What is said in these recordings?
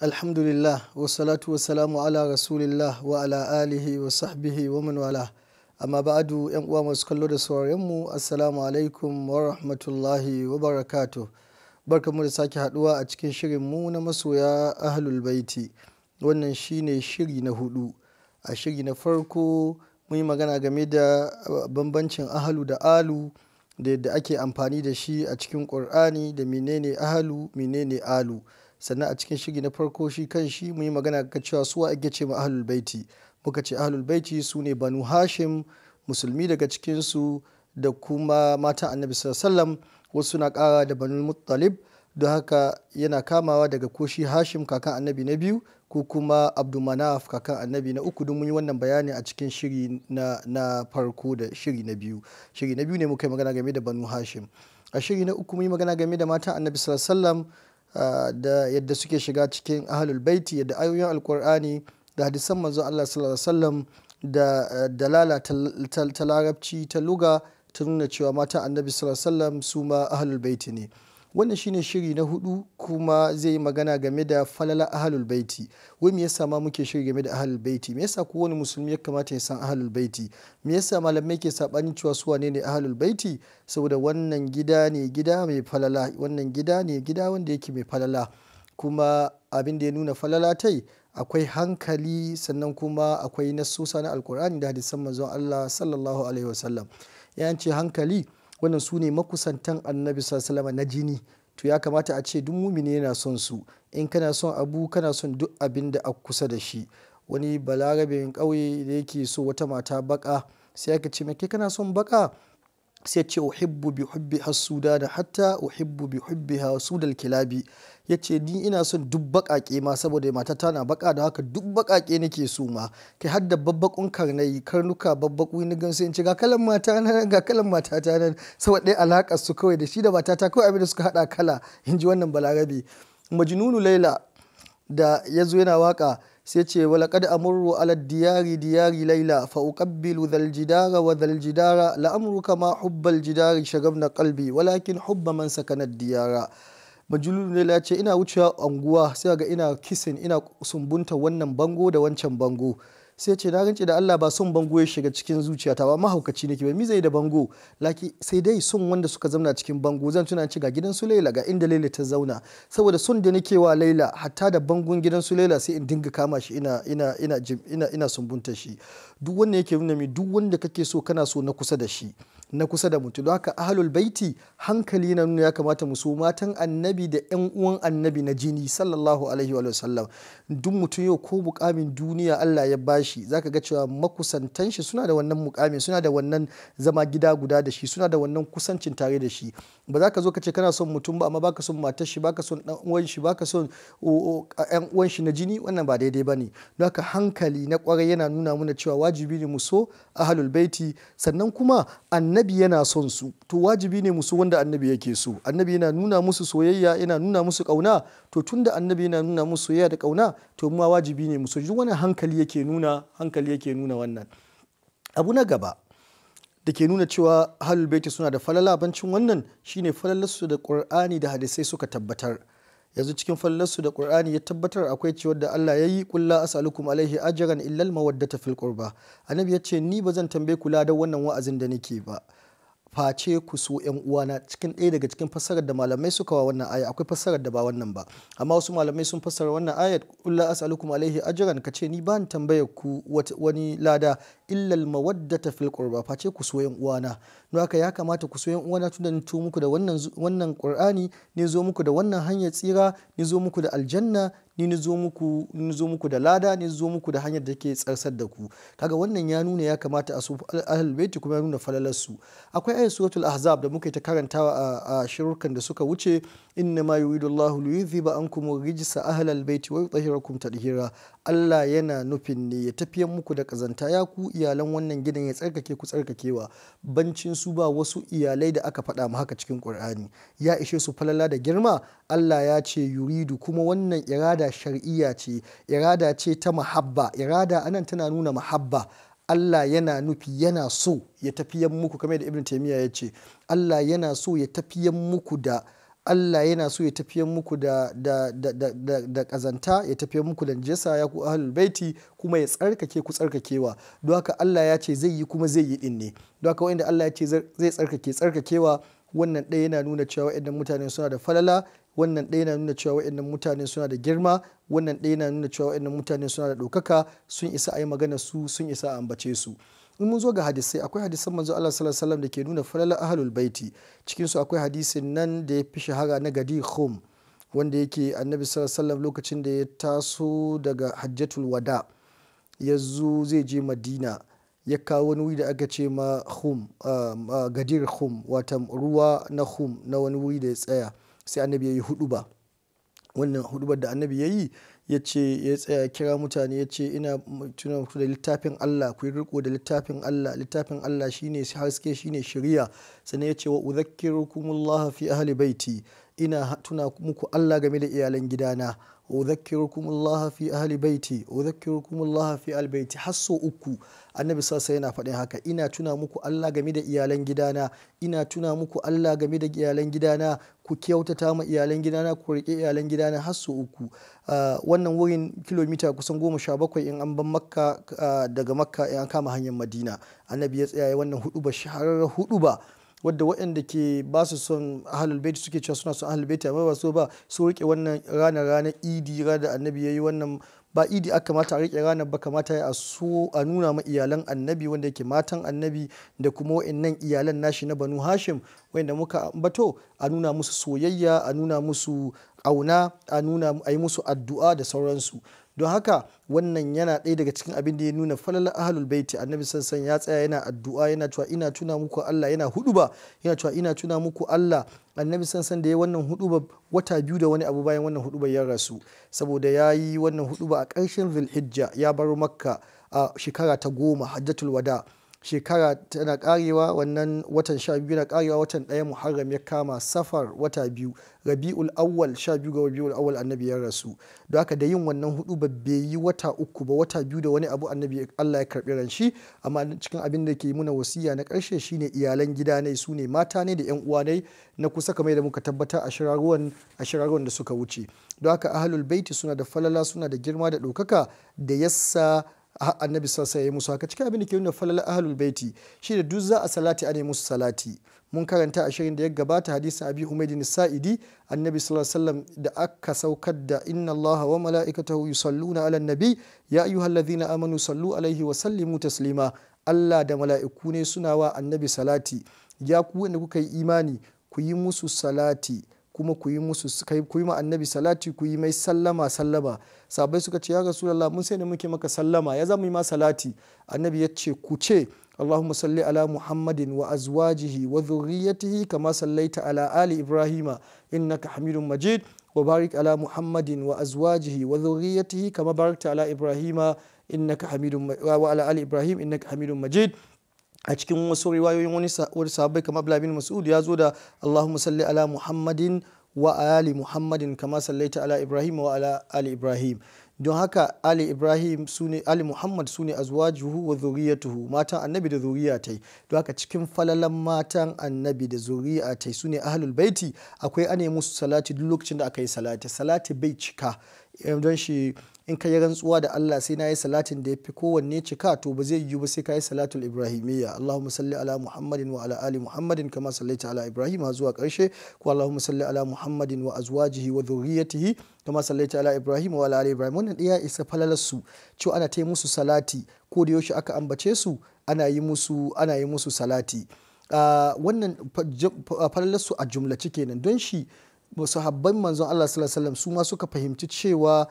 alhamdulillah wa salamu ala rasulillah wa ala alihi wa sahbihi wa man wala amma ba'adu yan uwa masu kallo da sauraron mu assalamu alaikum wa rahmatullahi wa barakatuh barkamu da sake haduwa a cikin shirin mu na masoya ahlul baiti wannan shine shiri na hudu a shiri na farko mun yi magana game da uh, bambancin ahlu da alu da yadda ake amfani da shi a cikin qur'ani da menene ahlu menene alu sannan a cikin shiri na farko shi kan shi mu yi magana ga cewa suwa ake ce ma ahlul baiti muka ce ahlul baiti su ne banu hashim musulmi daga cikinsu da kuma mata annabi sallam wasu na kara da banu muttalib don haka yana kamawa daga koshi hashim kakan annabi na biyu ko kuma abdulmanaf kakan annabi na uku don mun yi wannan bayani a cikin shiri na, na farko da shiri na biyu shiri na biyu ne muka yi magana game da banu hashim a shiri na uku mun yi magana game da mata annabi wasallam da yadda suke shiga cikin ahlul baiti yadda ayoyin alkur'ani da hadisan manzon Allah sallallahu alaihi da dalala ta larabci ta luga ta nuna cewa matan annabi sallallahu alaihi wasallam su ma ahlul baiti ne wannan shine shiri na hudu kuma zai yi magana game da falala ahalul baiti wai me yasa ma muke shiri game da ahalul baiti me yasa kowane musulmi ya kamata ya san ahalul baiti me yasa malamai ke sabanin cewa su wane ne ahalul baiti saboda wannan gida ne gida mai falala wannan gida ne gida wanda yake mai falala kuma abin da ya nuna falala tai akwai hankali sannan kuma akwai nasusa na alkur'ani da hadisan manzon Allah sallallahu alaihi wasallam ce hankali wannan su ne makusantan annabi sallama na jini to ya kamata a ce duk mumini yana son su in kana son abu kana son duk abin da a kusa da shi wani balarabin ƙauye da yake so wata mata baka sai aka ce mai kana son baka sai ce uhibbu bi hubbi hasuda da hatta uhibbu bi hubbi hasudal kilabi ya ce ni ina son duk baƙaƙe ma saboda mata tana baka da haka duk baƙaƙe nake so ma kai har da babbakun karnai karnuka babbaku ni gan sai in ce ga kalan mata nan ga kalan mata ta nan saboda dai alaƙar su kawai da shi da mata ta kawai abin da suka haɗa kala in ji wannan balarabe majnunu laila da ya zo yana waka sai ce walaqad amurru ala diyari diyari laila fa uqabbilu dhal jidara wa dhal jidara la amru kama hubbal jidari shagabna qalbi walakin hubba man sakana diyara majulul ne la ce ina wucewa anguwa sai ga ina kisin ina sumbunta wannan bango da wancan bango sai ce na rance da Allah ba son bango ya shiga cikin zuciyata ba mahaukaci nake ba mi zai da bango laki sai dai son wanda suka zauna cikin bango zan tuna ci ga gidan su Laila ga inda Laila ta zauna saboda son da nake wa Laila hatta da bangon gidan su Laila sai in dinga kama shi ina ina ina ina ina sumbunta shi duk wanda yake nuna mi duk wanda kake so kana so na kusa da shi na kusa da mutu don haka ahlul baiti hankali na nuna ya kamata mu matan annabi da yan uwan annabi na jini sallallahu alaihi wa sallam duk mutum yau ko mukamin duniya Allah ya bashi zaka ga cewa makusantan shi suna da wannan mukamin suna da wannan zama gida guda da shi suna da wannan kusancin tare da shi ba za ka zo ka ce kana son mutum ba amma baka son matar shi baka son dan uwan shi baka son yan uwan shi na jini wannan ba daidai bane don haka hankali na kwarai yana nuna mana cewa wajibi ne mu so ahlul baiti sannan kuma annabi annabi yana son su to wajibi ne musu wanda annabi yake so annabi yana nuna musu soyayya yana nuna musu kauna to tunda annabi yana nuna musu soyayya da kauna to ma wajibi ne musu duk wani hankali yake nuna hankali yake nuna wannan abu na gaba da ke nuna cewa halul baiti suna da falala bancin wannan shine falalarsu da qur'ani da hadisai suka tabbatar yanzu cikin fallarsu da qur'ani ya tabbatar akwai ciwar da Allah ya yi kulla as'alukum alaihi ajran illal mawaddata fil qurba annabi ya ce ni ba zan tambaye ku da wannan wa'azin da nake ba face ku so yan uwana cikin ɗaya daga cikin fassarar da malamai suka wa wannan aya akwai fassarar da ba wannan ba amma wasu malamai sun fassara wannan ayat kulla as'alukum alaihi ajran kace ni ba tambayar ku wani lada illal mawaddata fil qurba face ku so yan uwana don haka ya kamata ku so yan uwana tun da nito muku da wannan wannan Qur'ani ne zo muku da wannan hanyar tsira ni zo muku da aljanna ni ni zo muku da lada ni zo muku da hanyar da ke tsarsar da ku kaga wannan ya nuna ya kamata a so ahlul kuma ya nuna falalar su akwai ayat suratul ahzab da muka ta karantawa a shirurkan da suka wuce inna ma yuridu Allah li an ankum rijsa ahlal baiti wa yutahhirakum tadhira Allah yana nufin ne ya tafiya muku da kazanta ya ku iyalan wannan gidan ya tsarkake ku tsarkakewa bancin su ba wasu iyalai da aka faɗa mu haka cikin Qur'ani ya ishe su falala da girma Allah ya ce yuridu kuma wannan irada shar'iyya ce irada ce ta muhabba irada anan tana nuna muhabba Allah yana nufi yana so ya tafiyan muku kamar da Ibn Taymiyyah ya ce Allah yana so ya tafiyan muku da Allah yana so ya tafiye muku da da da da da kazanta ya tafiye muku da jesa ya ku ahlul baiti kuma ya tsarkake ku tsarkakewa don haka Allah ya ce zai yi kuma zai yi din ne don haka wanda Allah ya ce zai tsarkake tsarkakewa wannan ɗaya yana nuna cewa waɗannan mutane suna da falala wannan ɗaya na nuna cewa waɗannan mutane suna da girma wannan ɗaya na nuna cewa waɗannan mutane suna da ɗaukaka sun isa a yi magana su sun isa a ambace su in mun zo ga hadisai akwai hadisan manzo Allah sallallahu alaihi wasallam da ke nuna falala ahlul baiti cikin su akwai hadisin nan da ya fi shahara na gadi khum wanda yake annabi sallallahu alaihi wasallam lokacin da ya taso daga hajjatul wada ya zo zai je madina ya kawo wani wuri da aka ce ma khum ah, gadir khum wata ruwa na khum na wani wuri da ya tsaya sai annabi ya yi huduba wannan hudubar da annabi ya yi ya ce ya tsaya kira mutane ya ce ina tuna ku da littafin Allah ku yi riko da littafin Allah littafin Allah shine haske shine shiriya sannan ya ce wa udhakkirukumullah fi ahli baiti ina tuna muku Allah game da iyalan gidana udhakkirukum الله في ahli baiti udhakkirukum الله في al بيتي hasso uku annabi sassa yana faɗin haka ina tuna muku Allah game da iyalan gidana ina tuna muku Allah game da iyalan gidana ku kyautata ma iyalan gidana ku riƙe iyalan gidana hasso uku ah, wannan wurin kilomita kusan goma sha bakwai in an ban makka ah, daga makka in an kama hanyar madina annabi ya tsaya wannan hudu ba shahararra hudu ba wadda waɗanda ke ba su son ahalul baiti suke cewa suna son ahalul baiti amma ba so ba su rike wannan ranar ranar idi ranar da annabi yayi wannan ba idi aka kamata a rike ranar ba kamata a so a nuna ma iyalan annabi wanda yake matan annabi da kuma wa'annan iyalan nashi na banu hashim wanda muka ambato a nuna musu soyayya a nuna musu auna a nuna a yi musu addu'a da sauransu don haka wannan yana ɗaya daga cikin abin da ya nuna falalar ahalul baiti annabi sansan ya tsaya yana addu'a yana cewa ina tuna muku Allah yana huduba yana cewa ina tuna muku Allah annabi sansan da ya wannan huduba wata biyu da wani abu bayan wannan huduba ya rasu saboda ya yi wannan huduba a ƙarshen zulhijja ya bar makka a shekara ta goma hajjatul wada' shekara tana karewa wannan watan sha biyu na karewa watan ɗaya muharram ya kama safar wata biyu rabi'ul awwal sha biyu ga rabi'ul awwal annabi ya rasu don haka da yin wannan hudu ba bai yi wata uku ba wata biyu da wani abu annabi Allah ya karbi ran shi amma cikin abin da ke muna wasiya na karshe shine iyalan gida ne su ne mata ne da yan uwa ne na kusa kamar da muka tabbata a shiraruwan a shiraruwan da suka wuce don haka ahlul baiti suna da falala suna da girma da ɗaukaka da yassa annabi ya yi musu haka cikin abin da ke nuna falal ahlul baiti shi da duk za a salati a musu salati mun karanta a shirin da ya gabata hadisin abi na sa'idi annabi sallallahu alaihi wasallam da aka saukar da inna allaha wa mala'ikatahu yusalluna ala nabi ya ayyuhallazina amanu sallu alaihi wa sallimu taslima Allah da mala'iku ne suna wa annabi salati ya ku wanda kuka yi imani ku yi musu salati kuma ku yi musu ku yi ma annabi salati ku yi mai sallama sallama sabai suka ce ya rasulullah mun sai ne muke maka sallama ya zamu yi ma salati annabi ya ce ku ce اللهم صل على محمد وأزواجه وذريته كما صليت على آل إبراهيم إنك حميد مجيد وبارك على محمد وأزواجه وذريته كما باركت على إبراهيم إنك حميد وعلى آل إبراهيم إنك حميد مجيد a cikin wasu riwayoyin wani sahabbai kamar Abdullah bin Mas'ud ya zo da Allahumma salli ala Muhammadin wa ali Muhammadin kama sallaita ala Ibrahim wa ala ali Ibrahim don haka ali ibrahim sune ali muhammad sune azwajuhu wa zuriyatuhu matan annabi da zuriya tai don haka cikin falalan matan annabi da zuriya tai sune ahlul baiti akwai ane musu salati duk lokacin da aka yi salati salati bai cika don shi in ka yi rantsuwa da Allah sai na yi salatin da ya fi kowanne cika to ba zai yiwu ba sai ka yi salatul ibrahimiyya Allahumma salli ala Muhammadin wa ala ali Muhammadin kama sallaita ala Ibrahim zuwa karshe ko Allahumma salli ala Muhammadin wa azwajihi wa dhurriyyatihi kama sallaita ala Ibrahim wa ala ali Ibrahim wannan iya isa falalar su cewa ana ta musu salati ko da yaushe aka ambace su ana yi musu ana yi musu salati ah, wannan wannan su a jumlace kenan don shi sahabban manzon Allah sallallahu alaihi wasallam su ma suka fahimci cewa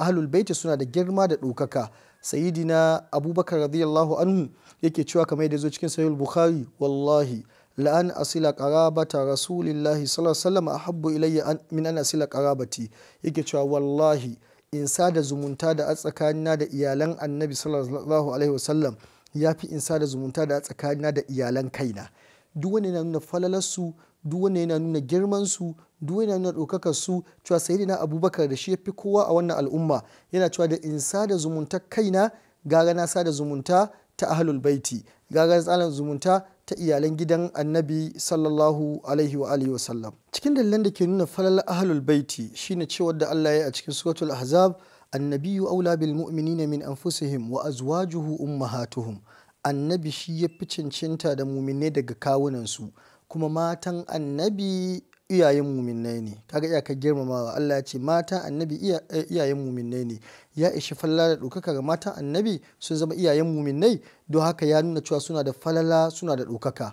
ahlul baiti suna da girma da ɗaukaka sayidina abubakar radiyallahu anhu yake cewa kamar yadda zo cikin sahih bukhari wallahi an asila qarabata rasulillahi sallallahu alaihi wasallam ahabbu ilayya min an asila qarabati yake cewa wallahi in sada zumunta da tsakanina da iyalan annabi sallallahu alaihi wasallam ya fi in sada zumunta da tsakanina da iyalan kaina duk wani na nuna falalarsu duk wanda yana nuna girman su duk yana nuna ɗaukakar su cewa sayyidina abubakar da shi ya fi kowa a wannan al'umma yana cewa da in da zumunta kaina gara na da zumunta ta ahlul baiti gara na sada zumunta ta iyalan gidan annabi sallallahu alaihi wa alihi sallam cikin dalilan da ke nuna falal ahlul baiti shine cewa da Allah ya a cikin suratul ahzab annabiyu aula bil mu'minina min anfusihim wa azwajuhu ummahatuhum annabi shi ya fi cancanta da muminai daga kawunansu kuma matan annabi iyayen muminai ne kaga girmama girmamawa Allah ya ce matan annabi eh, iyayen muminai ne ya ishi falala da ɗaukaka ga matan annabi sun zama iyayen muminai don haka ya nuna cewa suna da falala suna da ɗaukaka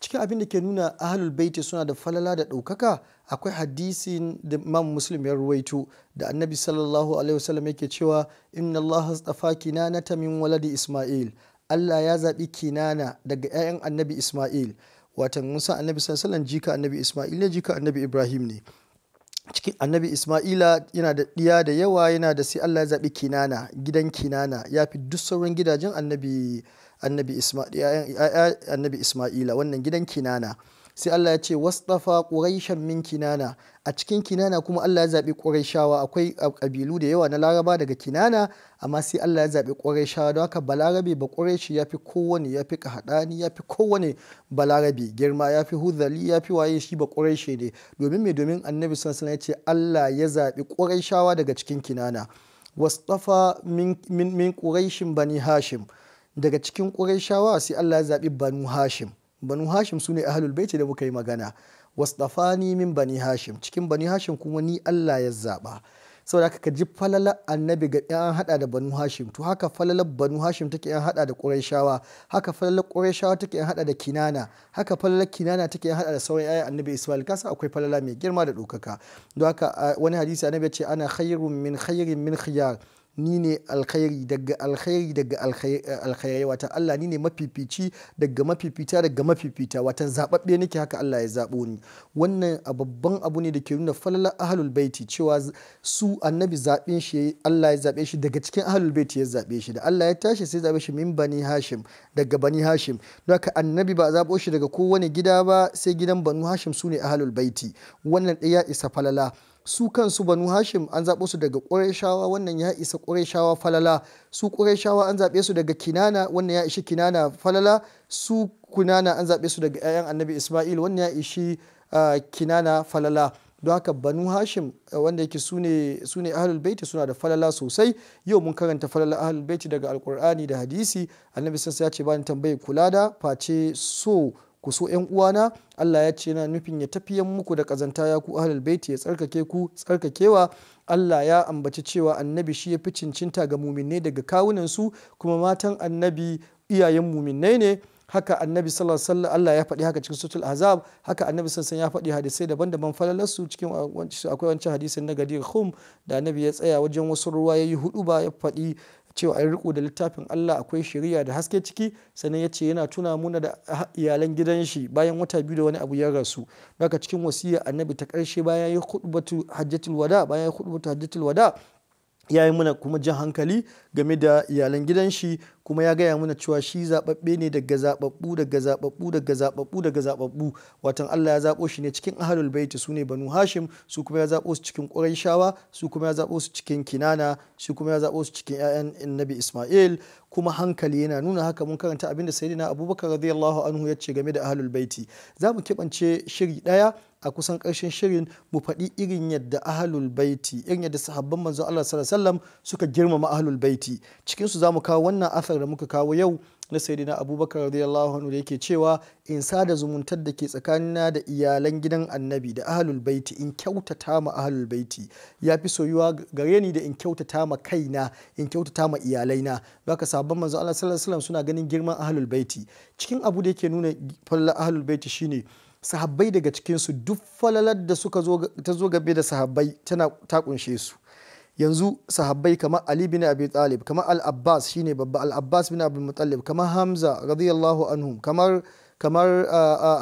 cikin abin da ke nuna ahlul baiti suna da falala da ɗaukaka akwai hadisin da imam muslim ya ruwaito da annabi sallallahu alaihi wasallam yake cewa inna allah astafa ta min waladi isma'il allah ya zaɓi kinana daga ƴaƴan annabi isma'il watan musa annabi sallallahu jika annabi isma'il ne jika annabi ibrahim ne cikin annabi isma'ila yana da ɗiya da yawa yana da sai allah ya zaɓi kinana gidan kinana ya fi duk sauran gidajen annabi annabi isma'ila wannan gidan kinana sai Allah ya ce wasdafa quraishan min kinana a cikin kinana kuma Allah ya zabi quraishawa akwai kabilu da yawa na laraba daga kinana amma sai Allah ya zabi quraishawa don haka balarabe ba quraishi yafi kowane yafi kahadani yafi kowane balarabe girma yafi hudhali yafi waye shi ba quraishi ne domin me domin annabi sallallahu alaihi wasallam ya ce Allah ya zabi quraishawa daga cikin kinana wasdafa min min, min quraishin bani hashim daga cikin quraishawa sai Allah ya zabi banu hashim banu hashim su ne ahlul baiti da muka yi magana wasdafani min bani hashim cikin bani hashim kuma ni Allah ya zaba saboda haka ka ji falala annabi ga yan hada da banu hashim to haka falala banu hashim take yan hada da qurayshawa haka falalar qurayshawa take yan hada da kinana haka falala kinana take yan hada da sauran ayan annabi isma'il kasa akwai falala mai girma da dokaka don haka wani hadisi annabi ya ce ana khairun min khairin min khiyar ni ne alkhairi daga alkhairi daga alkhairi wata Allah ni ne mafifici daga mafifita daga mafifita wata zababbe nake haka Allah ya zabo ni wannan babban abu ne da ke nuna falala ahlul baiti cewa su annabi zaben shi Allah ya zabe shi daga cikin ahlul baiti ya zabe shi da Allah ya tashi sai zabe shi min bani hashim daga bani hashim don haka annabi ba zabo shi daga kowane gida ba sai gidan banu hashim su ne ahlul baiti wannan ɗaya isa falala su kansu banu hashim an zaɓe su daga ƙureshawa wannan ya isa ƙureshawa falala su ƙureshawa an zaɓe su daga kinana wannan ya ishi kinana falala su kunana an zaɓe su daga 'ya'yan annabi isma'il wannan ya ishi ah, kinana falala don haka banu hashim eh, wanda yake su ne ahalul baiti suna da falala sosai yau mun karanta falala ahalul baiti daga alkur'ani da hadisi annabi sassa ya ce bani tambayi kula da face so ku so yan uwana Allah ya ce yana nufin ya tafiyan muku da kazanta ya ku ahlul baiti ya tsarkake ku tsarkakewa Allah ya ambaci cewa annabi shi ya fi cincinta ga muminai daga kawunansu, kuma matan annabi iyayen muminai ne haka annabi sallallahu alaihi Allah ya faɗi haka cikin sutul azab haka annabi sallallahu ya faɗi hadisai daban-daban falalarsu cikin akwai wancan hadisin na gadi khum da annabi ya tsaya wajen wasu ruwa ya yi hudu ba ya faɗi cewa ai riko da littafin Allah akwai shari'a da haske ciki sannan ce yana tuna muna da iyalan gidan shi bayan wata biyu da wani abu ya rasu daga cikin wasiya annabi ta karshe bayan ya khutbatu hajjatul wada bayan ya khutbatu hajjatul wada ya yi muna kuma jan hankali game da iyalan gidan shi kuma ya gaya mana cewa shi zaɓaɓɓe ne daga zababbu daga zababbu daga zababbu daga zababbu watan Allah ya zaɓo shi ne cikin ahlul baiti su ne banu hashim su kuma ya zaɓo su cikin ƙurayshawa su kuma ya zaɓo su cikin kinana su kuma ya zaɓo su cikin ayan annabi isma'il kuma hankali yana nuna haka mun karanta abinda sayyidina abubakar radiyallahu anhu ya ce game da ahlul baiti zamu mu shiri daya. a kusan ƙarshen shirin mu faɗi irin yadda ahalul baiti irin yadda sahabban manzon Allah sallallahu alaihi wasallam suka girmama ahlul baiti cikin su zamu kawo wannan asar da muka kawo yau na sayyidina abubakar radiyallahu anhu da yake cewa in sada zumuntar da ke tsakanina da iyalan gidan annabi da ahalul baiti in kyautata ma ahalul baiti ya fi soyuwa gare ni da in kyautata ma kaina in kyautata ma iyalaina zaka sabon manzo Allah sallallahu alaihi wasallam suna ganin girman ahlul baiti cikin abu da yake nuna fallar ahlul baiti shine sahabbai daga cikinsu duk falalar da suka ta zo gabe da sahabbai tana ta kunshe su yanzu sahabbai kamar ali bin abi talib kamar al-abbas shine babba al-abbas bin abi mutalib kamar hamza radiyallahu anhum kamar kamar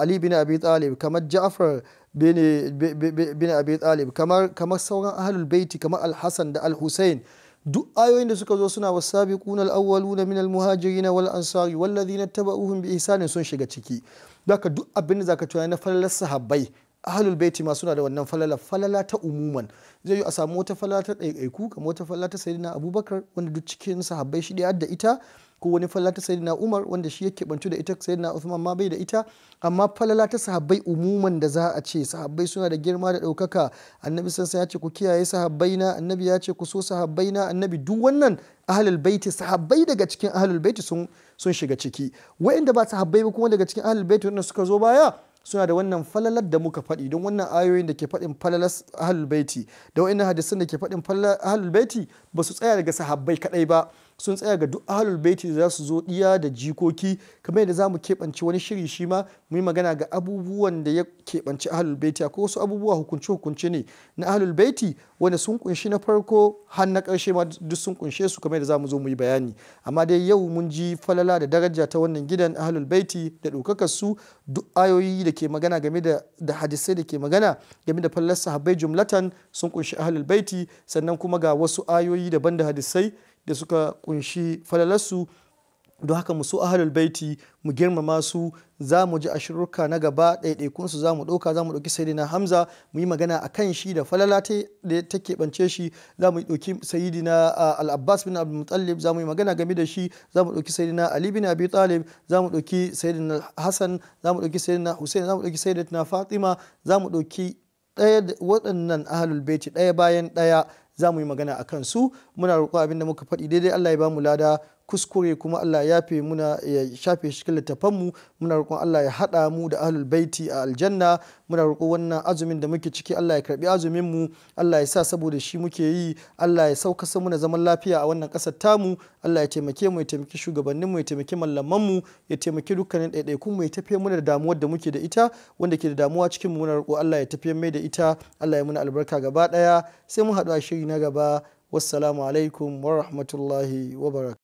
ali bin abi talib kamar ja'far bin abi talib kamar kamar sauran ahlul baiti kamar al-hasan da al-husain duk ayoyin da suka zo suna wasabiquna al-awwaluna min al-muhajirin wal ansari wal ladina tabauhum bi ihsanin sun shiga ciki zaka duk abin da zaka tunani na falalar sahabbai ahlul baiti ma suna da wannan falala falala ta umuman zai yi a samu wata falala ta ɗaiɗaiku kamar wata falala ta sayyidina abubakar wanda duk cikin sahabbai shi da ita ko wani falala ta sayyidina Umar wanda shi yake bantu da ita sayyidina Usman ma bai da ita amma falala ta sahabbai umuman da za a ce sahabbai suna da girma da daukaka annabi sansa ya ce ku kiyaye sahabbai na annabi ya ce ku so sahabbai na annabi duk wannan ahlul baiti sahabbai daga cikin ahlul baiti sun sun shiga ciki wa'inda ba sahabbai ba kuma daga cikin ahlul baiti wannan suka zo baya suna da wannan falalar da muka faɗi don wannan ayoyin da ke faɗin falalar ahlul baiti da wa'annan hadisan da ke faɗin falalar ahlul baiti ba su tsaya daga sahabbai kadai ba sun tsaya ga duk ahlul baiti za su zo diya da jikoki kamar yadda zamu keɓance wani shiri shi ma mu yi magana ga abubuwan da ya kebanci ahlul baiti akwai wasu abubuwa hukunce hukunce ne na ahlul baiti wanda sun kunshi na farko har na karshe ma duk sun kunshe su kamar yadda zamu zo mu yi bayani amma dai yau mun ji falala da daraja ta wannan gidan ahlul baiti da ɗaukakar su duk ayoyi da ke magana game da da hadisai da ke magana game da fallar sahabbai jumlatan sun kunshi ahlul baiti sannan kuma ga wasu ayoyi daban da hadisai da suka kunshi falalarsu don haka mu so ahlul baiti mu girmama su za mu ji ashirurka na gaba ɗaiɗaikun su za mu ɗauka za mu ɗauki sayidina hamza mu yi magana a kan shi da falala da ta keɓance shi za mu ɗauki sayidina al-abbas bin abu mutallib za mu yi magana game da shi za mu ɗauki sayidina ali bin abi talib za mu ɗauki sayidina hasan za mu ɗauki sayidina hussein za mu ɗauki sayidina fatima za mu ɗauki ɗaya waɗannan ahalul baiti ɗaya bayan ɗaya za mu yi magana a kan su muna roƙo abin da muka faɗi daidai Allah ya ba mu lada kuskure kuma Allah ya fi muna ya shafe shi littafan mu muna roƙon Allah ya haɗa mu da ahlul baiti a aljanna muna roƙo wannan azumin da muke ciki Allah ya karbi azumin mu Allah ya sa saboda shi muke yi Allah ya sauka mu muna zaman lafiya a wannan ƙasar tamu Allah ya taimake mu ya taimaki shugabannin mu ya taimaki mallaman mu ya taimaki dukkanin ɗaiɗaikun mu ya tafi muna da damuwar da muke da ita wanda ke da damuwa cikin mu muna roƙo Allah ya tafi mai da ita Allah ya muna albarka gaba ɗaya sai mun haɗu a shiri na gaba wassalamu alaikum wa rahmatullahi wa